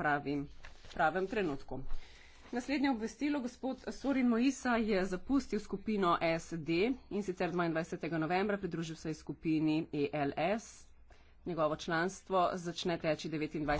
pravim, pravem trenutku. Naslednje obvestilo, gospod Sorin Moisa je zapustil skupino SD in sicer 22. novembra pridružil se je skupini ELS. Njegovo članstvo začne teči 29.